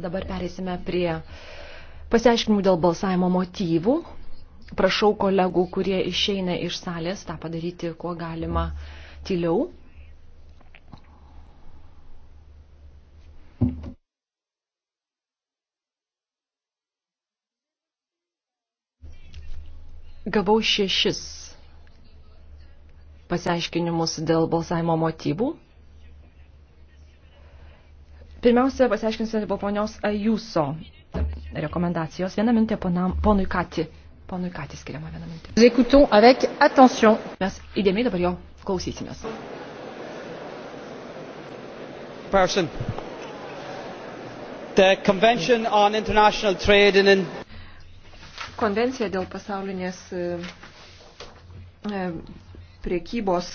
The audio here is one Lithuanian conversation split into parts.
Dabar pereisime prie pasiaiškinimų dėl balsavimo motyvų. Prašau kolegų, kurie išeina iš salės, tą padaryti kuo galima tyliau. Gavau šešis pasiaiškinimus dėl balsavimo motyvų. Pirmiausia, pasiaiškinsime po ponios Jūso rekomendacijos. Viena mintė ponam, ponui Kati. Ponui Kati skiriama viena mintė. Mes įdėmiai dabar jo klausysimės. Person. The Convention on International Trade in... in... Konvencija dėl pasaulinės e, e priekybos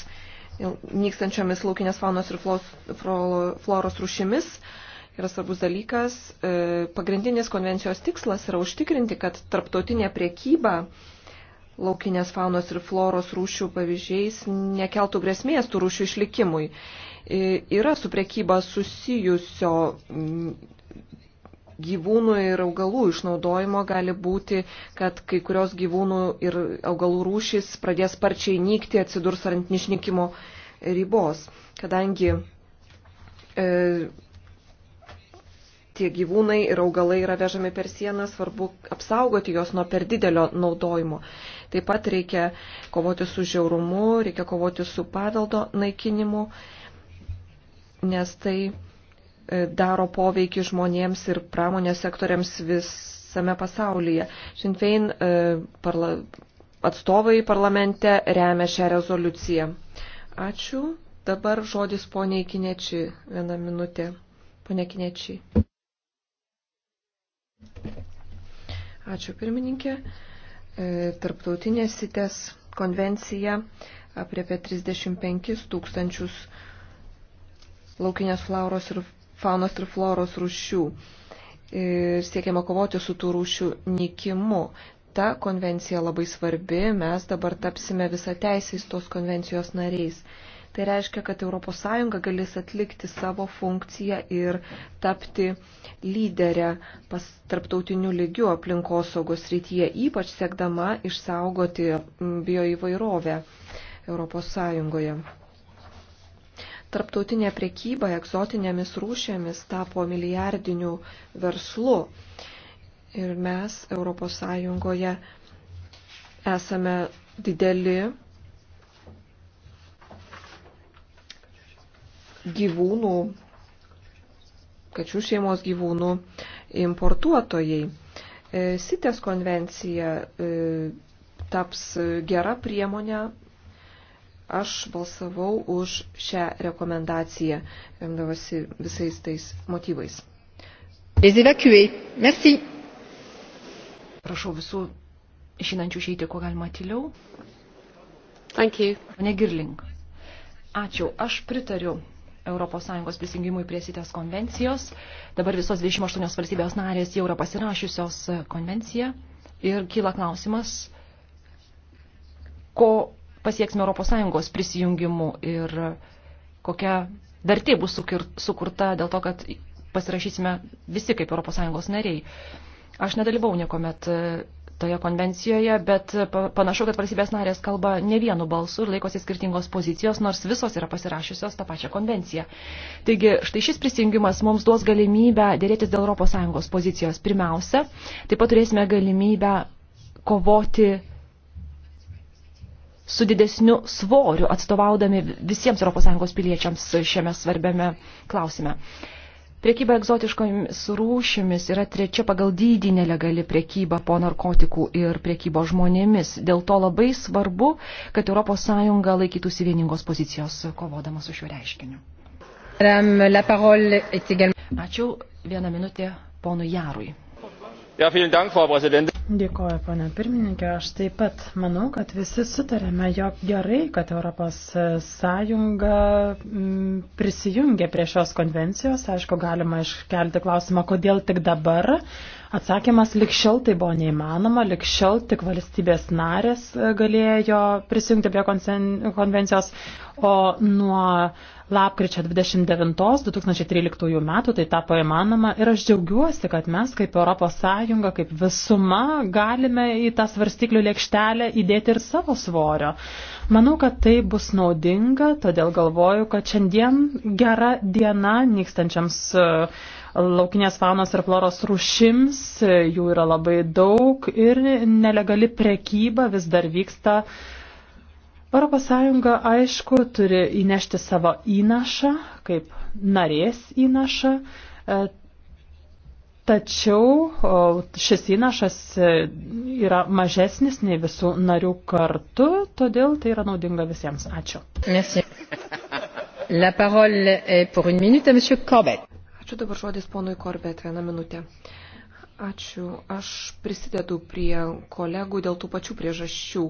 nykstančiomis laukinės faunos ir floros rūšimis yra svarbus dalykas. E, pagrindinis konvencijos tikslas yra užtikrinti, kad tarptautinė priekyba laukinės faunos ir floros rūšių pavyzdžiais nekeltų grėsmės tų rūšių išlikimui. E, yra su priekyba susijusio mm, gyvūnų ir augalų išnaudojimo gali būti, kad kai kurios gyvūnų ir augalų rūšys pradės sparčiai nykti, atsidurs ant nišnykimo ribos, kadangi e, tie gyvūnai ir augalai yra vežami per sieną, svarbu apsaugoti juos nuo per didelio naudojimo. Taip pat reikia kovoti su žiaurumu, reikia kovoti su paveldo naikinimu, nes tai e, daro poveikį žmonėms ir pramonės sektoriams visame pasaulyje. Šinfein e, parla, atstovai parlamente remia šią rezoliuciją. Ačiū. Dabar žodis poniai Kinečiai. Vieną minutę. Pone Kinečiai. Ačiū pirmininkė. E, tarptautinės sitės konvencija apriepia 35 tūkstančius laukinės flauros ir faunos ir floros rūšių. Ir e, siekiama kovoti su tų rūšių nikimu ta konvencija labai svarbi, mes dabar tapsime visą teisės tos konvencijos nariais. Tai reiškia, kad ES galės atlikti savo funkciją ir tapti lyderę pas tarptautinių lygių aplinkosaugos rytyje, ypač siekdama išsaugoti bioįvairovę ES. Tarptautinė priekyba egzotinėmis rūšėmis tapo milijardiniu verslu ir mes ES esame dideli gyvūnų, kačių šeimos gyvūnų importuotojai. E, Sitės konvencija e, taps gera priemonė. Aš balsavau už šią rekomendaciją, remdavasi visais tais motyvais. Les évacuer. Merci. Prašau visų išinančių išeiti, ko galima tyliau. Thank you. Pane Girling. Ačiū. Aš pritariu ES prisijungimui prie sitės konvencijos. Dabar visos 28 valstybės narės jau yra pasirašiusios konvenciją ir kyla klausimas, ko pasieksime ES prisijungimu ir kokia vertė bus sukurta dėl to, kad pasirašysime visi kaip ES nariai. Aš nedalyvau niekuomet e, toje konvencijoje, bet e, panašu, kad valstybės narės kalba ne vienu balsu ir laikosi skirtingos pozicijos, nors visos yra pasirašiusios tą pačią konvenciją. Taigi, štai šis prisijungimas mums duos galimybę dėrėtis dėl ES pozicijos pirmiausia, taip pat turėsime galimybę kovoti su didesniu svoriu, atstovaudami visiems ES piliečiams šiame svarbiame klausime. Priekyba egzotiškomis rūšimis yra trečia pagal dydį nelegali priekyba po narkotikų ir priekybo žmonėmis. Dėl to labai svarbu, kad ES laikytųsi vieningos pozicijos kovodama su šiuo reiškiniu. Ačiū. Vieną minutę ponui Jarui. Ja, Dank, Frau Dėkoju, ponė pirmininkė. Aš taip pat manau, kad visi sutarėme, jog gerai, kad Europos Sąjunga mm, prisijungė prie šios konvencijos. Aišku, galima iškelti klausimą, kodėl tik dabar. Atsakymas likščiau tai buvo neįmanoma, likščiau tik valstybės narės e, galėjo prisijungti prie konvencijos, o nuo lapkričio 29-2013 metų tai tapo įmanoma ir aš džiaugiuosi, kad mes kaip Europos Sąjunga, kaip visuma galime į tą svarstyklių lėkštelę įdėti ir savo svorio. Manau, kad tai bus naudinga, todėl galvoju, kad šiandien gera diena nykstančiams uh, laukinės faunos ir floros rūšims, jų yra labai daug ir nelegali prekyba vis dar vyksta. Europos Sąjunga, aišku, turi įnešti savo įnašą, kaip narės įnašą, e, tačiau šis įnašas e, yra mažesnis nei visų narių kartu, todėl tai yra naudinga visiems. Ačiū. Merci. La parole est pour une minute à Monsieur Corbett. Ačiū dabar žodis ponui Korbet, vieną minutę. Ačiū. Aš prisidedu prie kolegų dėl tų pačių priežasčių.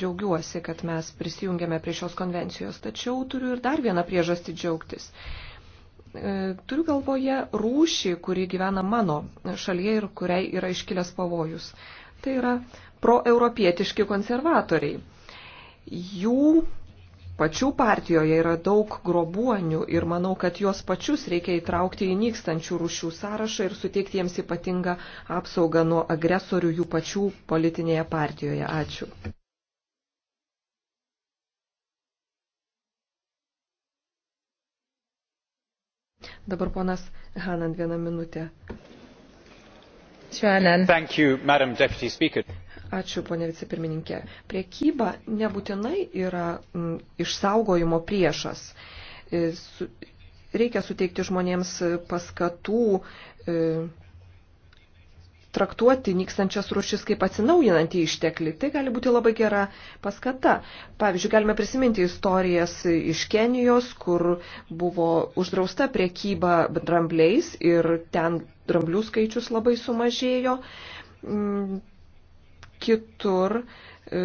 Džiaugiuosi, kad mes prisijungėme prie šios konvencijos, tačiau turiu ir dar vieną priežastį džiaugtis. E, turiu galvoje rūšį, kuri gyvena mano šalyje ir kuriai yra iškilęs pavojus. Tai yra proeuropietiški konservatoriai. Jų pačių partijoje yra daug grobuonių ir manau, kad juos pačius reikia įtraukti į nykstančių rušių sąrašą ir suteikti jiems ypatingą apsaugą nuo agresorių jų pačių politinėje partijoje. Ačiū. Dabar ponas Hanant vieną minutę. Ačiū, Anan. Thank you, Madam Deputy Speaker. Ačiū, ponė vicepirmininkė. Priekyba nebūtinai yra m, išsaugojimo priešas. E, su, reikia suteikti žmonėms paskatų e, traktuoti nykstančias rušis kaip atsinaujinantį išteklį. Tai gali būti labai gera paskata. Pavyzdžiui, galime prisiminti istorijas iš Kenijos, kur buvo uždrausta priekyba drambliais ir ten dramblių skaičius labai sumažėjo. Mm, kitur, e,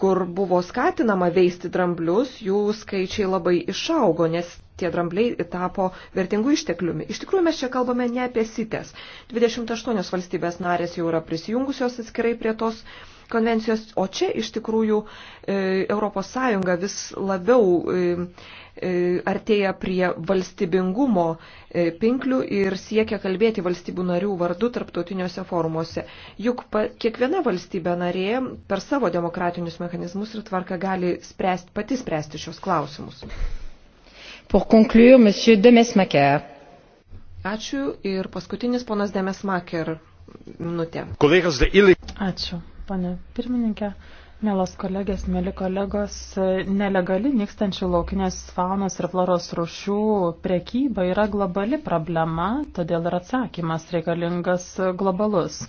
kur buvo skatinama veisti dramblius, jų skaičiai labai išaugo, nes tie drambliai tapo vertingų ištekliumi. Iš tikrųjų, mes čia kalbame ne apie sitės. 28 valstybės narės jau yra prisijungusios atskirai prie tos konvencijos, o čia iš tikrųjų ES vis labiau e, e, artėja prie valstybingumo e, pinklių ir siekia kalbėti valstybių narių vardu tarptautiniuose forumuose. Juk pa, kiekviena valstybė narė per savo demokratinius mechanizmus ir tvarką gali spręsti, pati spręsti šios klausimus. Pour conclure, monsieur Demesmaker. Ačiū ir paskutinis ponas Demesmaker minutė. Ačiū pane pirmininkė. Mielos kolegės, mėly kolegos, nelegali nykstančių laukinės faunos ir floros rušių prekyba yra globali problema, todėl ir atsakymas reikalingas globalus.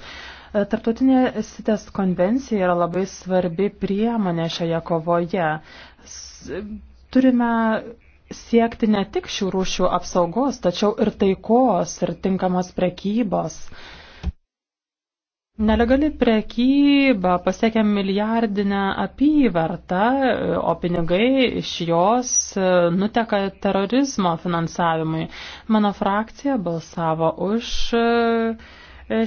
Tarptautinė sitės konvencija yra labai svarbi priemonė šioje kovoje. Turime siekti ne tik šių rūšių apsaugos, tačiau ir taikos ir tinkamos prekybos. Nelegali prekyba pasiekia milijardinę apyvartą, o pinigai iš jos e, nuteka terorizmo finansavimui. Mano frakcija balsavo už e,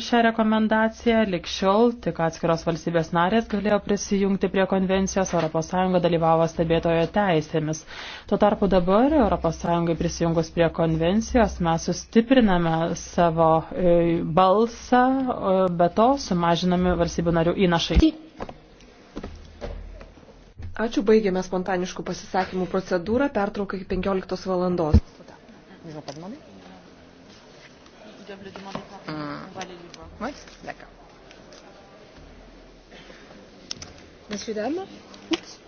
šią rekomendaciją. Likščiol tik atskiros valstybės narės galėjo prisijungti prie konvencijos, ES dalyvavo stebėtojo teisėmis. Tuo tarpu dabar ES prisijungus prie konvencijos mes sustipriname savo e, balsą, e, be to sumažinami valstybių narių įnašai. Ačiū, baigėme spontaniškų pasisakymų procedūrą, pertraukai 15 valandos. Mes ils doivent le demander quand même. Mmh. On va aller les voir. Oui, d'accord. Messieurs, dames. Oups.